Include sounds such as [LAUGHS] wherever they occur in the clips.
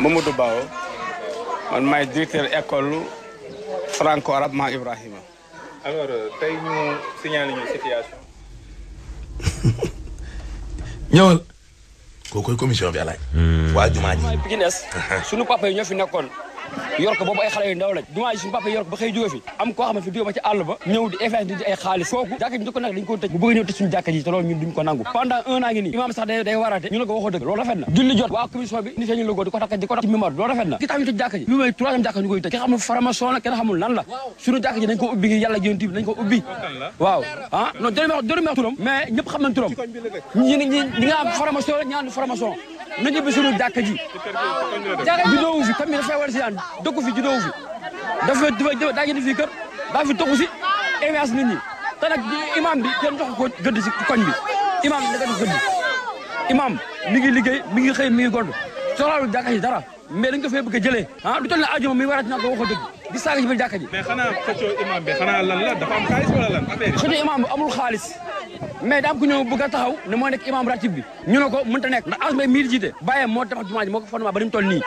Mamadou Bao man maay directeur école franco arabe Mame Ibrahima. Euh, tey ñu signalé ñu situation. [LAUGHS] ñëwal. kooku commission bi alaaj hmm. waa jumaa ji. [LAUGHS] suñu papa yi ñoo fi nekkoon. yor ko boobu ay xale yu ndaw lañ dumaa fi am koo xam ne fi jóge ba ba ñëw di effet di ay xaalis kooku jàkka ji ñu ko nag nangu pendant un an ngi nii sax day day waraate ñu la waxoo dëgg loolu rafet na julli jot waa commission bi ni ko takk di ko takk na ki tax ñu tëj jàkka ji lu may troisième jàkka ñu koy tëj ki xamul formation lan la suñu jàkka ji dañ ko ubbi ngir yàlla yonent bi ko ubbi waaw ah non jërëjëf jërëjëf turam nga am na ñibbi suñu jàkka ji judoowu fi kam mi dafay war si daan dëkku fi judoowu fi dafa dafa daa jënd fii kër daa fi toxu si émerge nit ñi te nag imam bi kenn jox ko gëdd si koñ bi imam bi da ko gëdd imam mi ngi liggéey mi ngi xëy mi ngi gond soxlaalu jàkka dara mais dañ ko fee bëgg a jëlee ah du toll na ajuma mi warat na ko waxoo dëgg di sànni ci biir jàkka ji. mais xanaa xëccoo imam bi xanaa lan la dafa am xaalis wala lan affaire yi. xëccoo imam bi amul xaalis mais daa am ku ñëw bëgg a taxaw ne moo nekk imam ratib bi ñu ne ko mënut a nekk ndax asma mii di jiite bàyyee moo tax jumaa ji moo ko fondement ba ni mu toll nii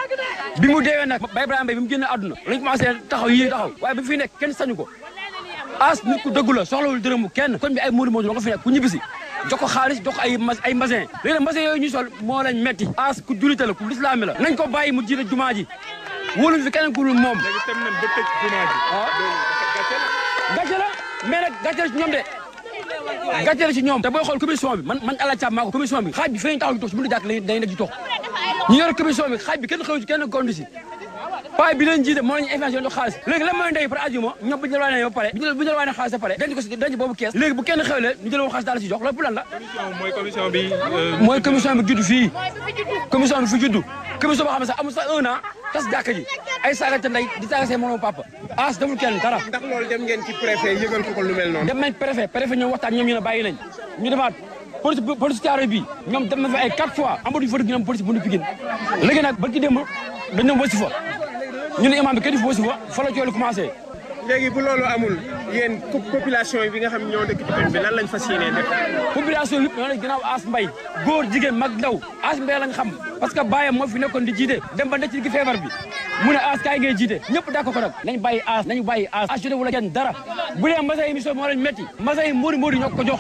bi mu deewee nag Baye Ibrahima Mbaye bi mu génn àdduna lañ commencé taxaw yii taxaw waaye bi fi nekk kenn sañu ko as nit ku dëggu la soxlawul dërëmu kenn kon bi ay móodu móodu la ko fi nekk ku ñibbisi jox ko xaalis jox ko ay ay mbasin léegi nag mbasin yooyu ñu sol moo lañ metti as ku julite la ku lislaami la nañ ko bàyyi mu jiite jumaa ji wóolu fi keneen ku dul moom. léegi ah. la mais nag la ci ñoom de. gàcce la ci ñoom. te booy xool bi man man El Hadj Thiam maa bi xaaj bi fi ñu taxaw si mënut a jàkk dañuy nekk ci toog ñu yor bi xaaj bi kenn xëy ci kenn góorlu bi leen jiite moo lañu information jox xaalis léegi lan mooy ndey par ajuma ñoom bu ñu la waane ba pare bu ñu la daal si jox loolu pour lan mooy commission bi mooy commission bi euh, judd fii commission bi fi judd commission boo xam ne sax amul sax tas jàkka ji ay saagante nday di saaga seen moroom papa as demul kenn dara. ndax loolu dem ngeen ci préfet yëgal ko ko lu mel noonu. dem nañ préfet préfet ñoom waxtaan ñoom ñu ne bàyyi nañ ñu demaat police police carré bi ñoom dem na fa quatre fois amatuñu fa dugg ñoom police bu nu Pikine léegi nag ba ki démb dañu dem wasi fa ñu ne imam bi kenn fi wasi fa fa la coow li léegi bu loolu amul yéen population yi nga xam ñoo dëkk ci koñ bi lan lañ fas yéenee def. population yi ñoo ne ginnaaw Ass Mbaye góor jigéen mag ndaw Ass Mbaye lañ xam parce que baayam moo fi nekkoon di jiite dem ba nekk ci feebar bi mu ne kaay ngay jiite ñëpp d'accord ko nag nañ bàyyi Ass nañu bàyyi Ass. Ass jotewul ak kenn dara bu dee Massa émission moo leen métti Massa mbóori mbóori ñoo ko jox.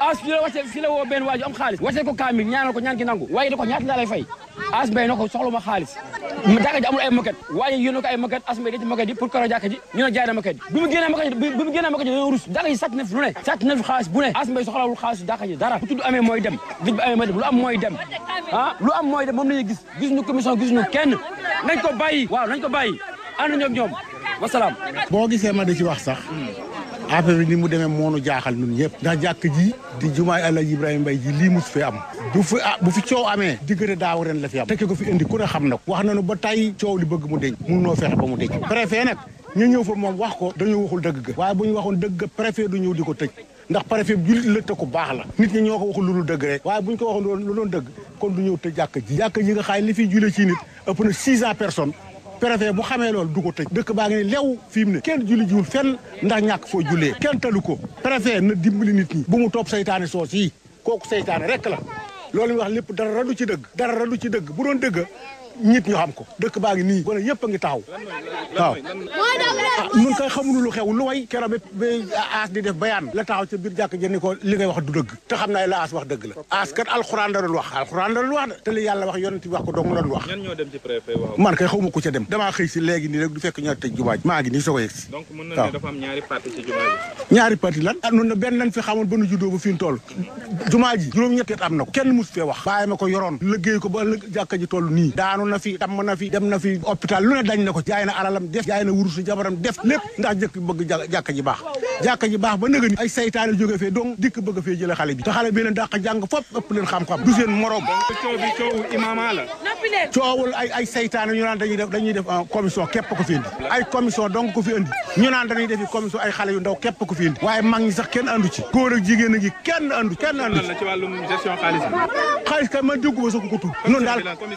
as fi la wàcce fi la woo benn waaju am xaalis wàcce ko kaamil ñaanal ko ñaan ki nangu waaye da ko ñaata laa lay fay as mbay na ko soxluma xaalis jàkka ji amul ay moquette waaye yónne ko ay moquette as mbay da ci moquette yi pour koro jàkka ji ñu ne jaay na moquette bi mu génnee moquette bi mu génnee moquette dañoo rus jàkka ji sàcc na fi lu ne sàcc na fi xaalis bu ne as mbay soxlawul xaalis jàkka ji dara bu tudd amee mooy dem gij bu amee mooy dem lu am mooy dem ah lu am mooy dem moom lañuy gis gis ñu commission gis ñu kenn nañ ko bàyyi waaw nañ ko bàyyi ànd ñoom ñoom wasalaam boo gisee ma di ci wax sax hmm. affaire bi ni mu demee moonu jaaxal ñun ñëpp ndax jàkk ji di jumaay Alaaji Ibrahima Mbaye ji lii mus fi am bu fi ah bu fi coow amee diggante daaw ren la fi am tekke ko fi indi ku ne xam na ko wax nañu ba tàyyi coow li bëgg mu deñ mun noo fexe ba mu deñ préfet nag ñu ñëw fa moom wax ko dañoo waxul dëgg ga waaye bu ñu waxoon dëgg ga préfet du ñëw di ko tëj ndax préfet jullit la te baax la nit ñi ñoo ko waxul lu dul dëgg rek waaye bu ñu ko waxoon lu doon dëgg kon du ñëw jàkk ji jàkk ji nga xaay li jule ci nit ëpp na 600 personnes préfet bu xamee loolu du ko tëj dëkk baa ngi ne lew fi mu ne kenn julli jiwul fenn ndax ñàkk foo jullee kenn talu ko préfet na dimbali nit ñi bu mu topp seytaane soo yi kooku saytaane rek la loolu ñu wax lépp dara du ci dëgg dara du ci dëgg bu doon dëgg ñit ñu xam ko dëkk baa ngi nii gone yëpp a ngi taxaw waaw nun kay xamuñu lu xew lu way keroog ba aas di def bayaan la taxaw ca biir jàkk jëni ko li ngay wax du dëgg te xam naa la aas wax dëgg la aas kat alxuraan la doon wax alxuraan la doon wax de te yàlla wax yonent bi wax ko dong la doon wax ñan ñoo dem ci préfet wax man kay xawma ku ca dem damaa xëy si léegi nii rek du fekk ñoo maa ngi nii soog a yegg si na ne dafa am ñaari parti ci jumaa ji ñaari parti lan ah noonu ba nu juddoo fi ñu toll jumaa ji juróom am na ko kenn mosu fee wax bàyyi ma ko yoroon liggéey ko ba jàkka ji toll nii daanu daanu na fi tàmm na fi dem na fi hôpital lu ne dañ na ko jaay na alalam def yaay na wurusu jabaram def lépp ndax jëkk bëgg jàkka ji baax jàkka ji baax ba nëgëni ay saytaane jóge fee donc dikk bëgg fee jële xale bi te xale bi leen dàq jàng fop ëpp leen xam-xam du seen morom coow bi coowul imaama la ay ay ñu naan dañuy def dañuy def euh, commission képp ko fi indi ay commission donc ñu naan dañuy defi commission ay xale yu ndaw képp ko fi indi waaye mag ñi sax kenn andu ci góor a ngi kenn andu kenn andu ci wàllum gestion xaalis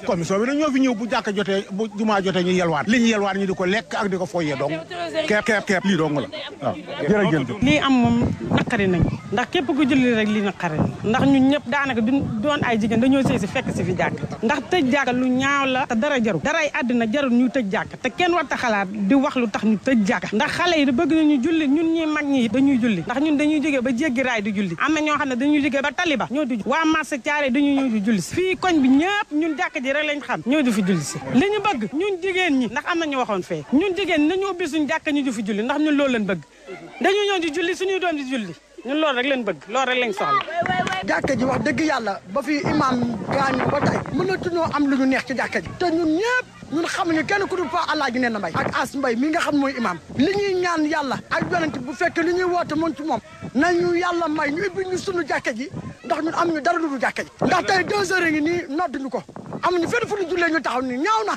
ko bu jàkka jotee bu jumaa jotee ñu yelwaan li ñu yelwaan ñu di ko lekk ak di ko foyee donc kepp kepp kepp lii la diggante lii am moom naqari nañ ndax képp ku julli rek lii naqari ndax ñun ñëpp daanaka du doon ay jigéen dañoo sëy si fekk si fi jàkk ndax tëj jàkk lu ñaaw la te dara jaru daray àddina jarul ñu tëj jàkk te kenn war ta xalaat di wax lu tax ñu tëj jàkk ndax xale yi bëgg nañu julli ñun ñuy mag ñi dañuy julli ndax ñun dañuy jógee ba jéggi di julli am na ñoo xam ne dañuy jógee ba taliba ñoo di waa marché caare dañuy ñëw di julli si fii koñ bi ñëpp ñun jàkk ji rek lañ xam ñoo di fi julli si li ñu bëgg ñun jigéen ñi ndax am na ñu waxoon fee ñun jigéen nañu ubbi jàkk ñu di julli ndax ñun loolu lañ bëgg dañu ñëw di julli suñuy doom di julli ñun loolu rek leen bëgg loolu rek lañ soxla. jàkka ji wax dëgg yàlla ba fi imaam gaañu ba tey mënatuñoo am lu ñu neex ci jàkka ji te ñun ñëpp ñun xamuñu kenn ku du fa Alaaji Ndeena Mbay ak As Mbay mi nga xam mooy imaam li ñuy ñaan yàlla ak yonent bu fekk li ñuy woote mën ci moom na ñu yàlla may ñu ubbi ñu sunu jàkka ji ndax am ñu dara lu dul jàkka ji ndax tey deux ni ngi nii nodduñu ko amuñu fenn fu ñu jullee ñu taxaw ni ñaaw na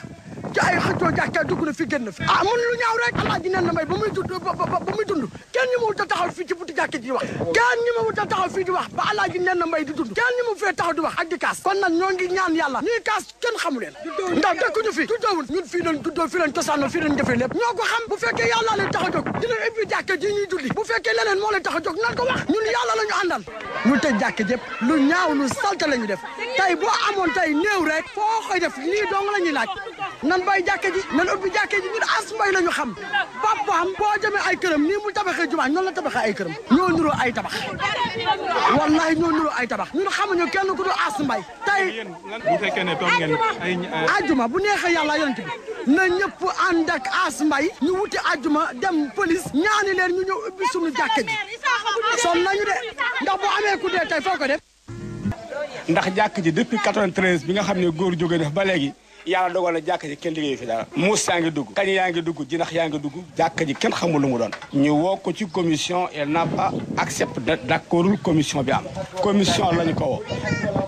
jaay xëccoo jaxte dugg na fi génn fi ah mun lu ñaaw rek alaaji nen na may ba muy dund ba muy dund kenn ñu ma wut a taxaw fii ci buti jàkk ji wax kenn ñu ma wut a taxaw fii di wax ba alaaji nen na may di dund kenn ñu ma fee taxaw di wax ak di kaas kon nag ñoo ngi ñaan yàlla ñuy kaas kenn xamu leen ndax dëkkuñu fi tuddoowul ñun fii lañ tuddoo fii lañ cosaanoo fii lañ defee lépp ñoo ko xam bu fekkee yàlla leen tax a jóg dinañ ubbi jàkk ji ñuy julli bu fekkee leneen moo leen tax a jóg nan ko wax ñun yàlla la ñu àndal ñu tëj jàkk jëpp lu ñaaw lu salte la ñu def tey boo amoon tey néew rek foo koy def lii dong la ñuy laaj nan bay jàkke ji nan ubbi jàkke ji ñun as mbay la ñu xam papaam boo ay këram nii mu tabaxee jumaa noonu la tabaxee ay këram ñoo nuroo ay tabax wallahi ñoo nuroo ay tabax ñun xamuñu kenn ku dul as mbay tey bu fekkee ne toog ngeen ay ajuma bu neexee yàlla yonent bi na ñëpp ànd ak as mbay ñu wuti ajuma dem police ñaani leen ñu ñëw ubbi suñu jàkke ji son nañu de ndax boo amee ku dee tey foo ko def ndax jàkk ji depuis 93 bi nga xam ne góor jóge def ba léegi yalla dogal na jàkka ji kenn liggéey fi dara muus yaa ngi dugg kan yaa ngi dugg jinax yaa ngi dugg jàkka ji kenn xamul lu mu doon ñu woo ko ci commission elle n'a pas accepte accepté d'accordul commission bi am commission lañu ko woo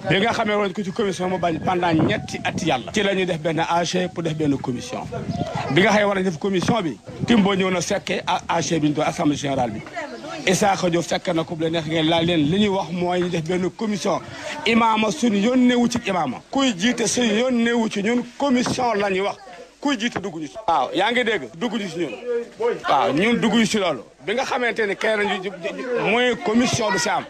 bi nga xamee woon ko ci commission mu bañ pendant ñetti at yàlla ci la ñuy def benn AG pour def benn commission bi nga xamee war nañ def commission bi timbo ñëw na fekkee AG bi ñu doon assemblée générale bi Isaaxa Diop fekk na ku bu la neex ngeen laaj leen li ñuy wax mooy ñu def benn commission imaama suñu yoon newu ci imaama kuy jiite suñu yoon newu ci ñun commission la ñuy wax kuy jiit dugg ñu si waaw yaa ngi dégg dugg ñu si ñun waaw ñun dugg si loolu bi nga xamante ni kay nañu mooy commission du si am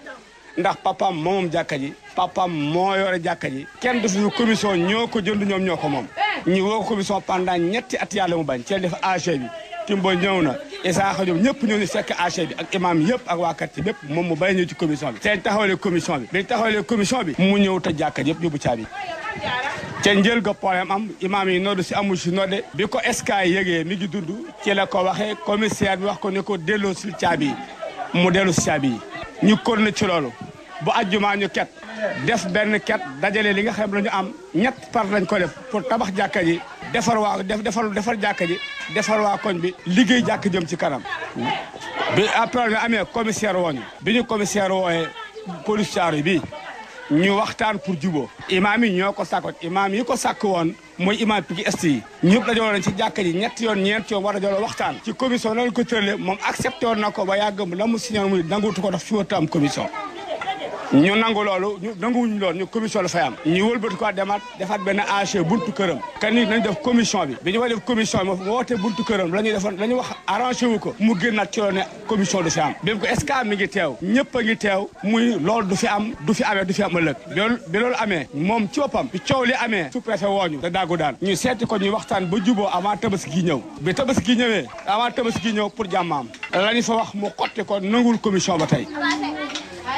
ndax papam moomam jàkka ji papam moo yore jàkka ji kenn du suñu commission ñoo ko jënd ñoom ñoo ko moom ñu woo ko commission pendant ñetti at yàlla mu bañ ceel def AG bi timbo ñëw na Isaaxa Diop ñëpp ñoo ñu fekk AG bi ak imam yëpp ak waa quartier moom mu bàyyi ñu ci commission bi seen taxawalee commission commission bi mu ñëw te jàkka yëpp caabi te njël ga problème am imaam yi noddu si amul si nodde bi ko SK yëgee mi ngi dund ci la ko waxee commissaire bi wax ko ne ko delloo si caabi yi mu dellu si caabi yi ñu kon na ci loolu bu ajjumaa ñu ket def benn ket dajale li nga xam la am ñett par lañ ko def pour tabax jàkka ji defar waa def defar defar jàkka ji defar waa koñ bi liggéey jàkka jëm ci kanam. bi après bi amee commissaire wooñu bi ñu commissaire wooyee police caaru bi ñu waxtaan pour juboo imaam yi ñoo ko sàkkoon imaam yi ko sàkk woon mooy imaam Piki est yi ñëpp dajaloo nañ ci jàkka ji ñetti yoon ñeenti yoon waxtaan ci commission lañ ko tërle moom accepté woon na ko ba yàgg la mu signé ko daf fi wata am commission ñu nangu loolu ñu nanguwuñu loolu ñu commission la fay am ñu wëlbati ko demaat defaat benn AG buntu këram kan nit nañ def commission bi bi ñu koy def commission bi moo woote buntu këram la ñuy defoon la wax arrangé wu ko mu génnaat ci loolu ne commission du fi am bi mu ko est-ce que ngi teew ñëpp a teew muy lool du fi am du fi amee du fi am ëllëg bi loolu bi loolu amee moom ci boppam bi coow li amee sous-préfet wooñu da daagu daan ñu seeti ko ñu waxtaan ba juboo avant tabaski gi ñëw bi tabaski gi ñëwee avant tabaski gi ñëw pour jàmmaam la ñu fa wax mu xotti ko nangul ba tey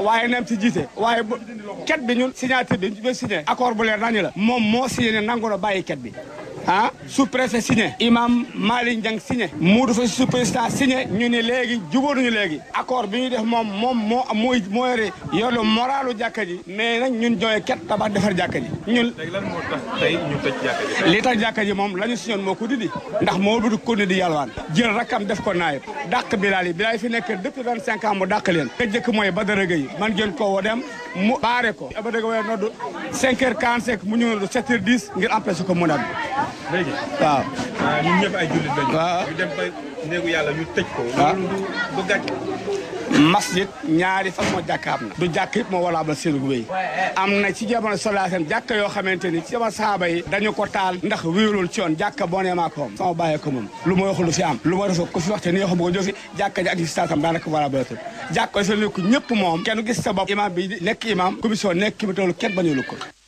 waaye nem ci jiite waaye ket bi ñun signature bi ñu signé accord bu leer nañu la moom moo signé ne nangu na bàyyi ket bi ah sous préfet signé imam Malick Ndiang signé Modou Faye sous président signé ñu ne léegi jubóonuñu léegi accord bi ñuy def moom moom moo mooy moo yore yoolu moralu jàkka ji mais nag ñun jooye ket tabax defar jàkka ji ñun lan moo tax tey ñu tëj moom la ñu signoon moo ko dindi ndax moo du ko dindi yàlwaan jël rakkam def ko naayib dàq bilaal yi bilaal yi fi nekk depuis vingt cinq ans mu dàq leen ka mooy ba Gueye man ngeen koo woo dem mu baare ko ba dëgg waaye noddu 5 heures 45 mu ñëw 7 heures 10 ngir empêché ko mu noddu léegi waaw ah, ñun ñëpp ay jullit lañu ñu dem ba néegu yàlla ñu tëj ko loolu du gàcce masjid ñaari façon jàkka am na du jàkk yëpp moo walaabal seen wéy am na ci jamono solaasen jàkka yoo xamante ni ci jamono saaba yi dañu ko taal ndax wéerul ci yoon jàkka boo nee maa sama bàyyee ko moom lu ma waxul lu fi am lu ma defa ku fi waxte ni waxuma ko jofi jàkka ji ak istaasam daanaka walaabalatul ñëpp moom kenn gis sa bopp imam nekk imam commission nekk ki mu toll kenn bañu lu ko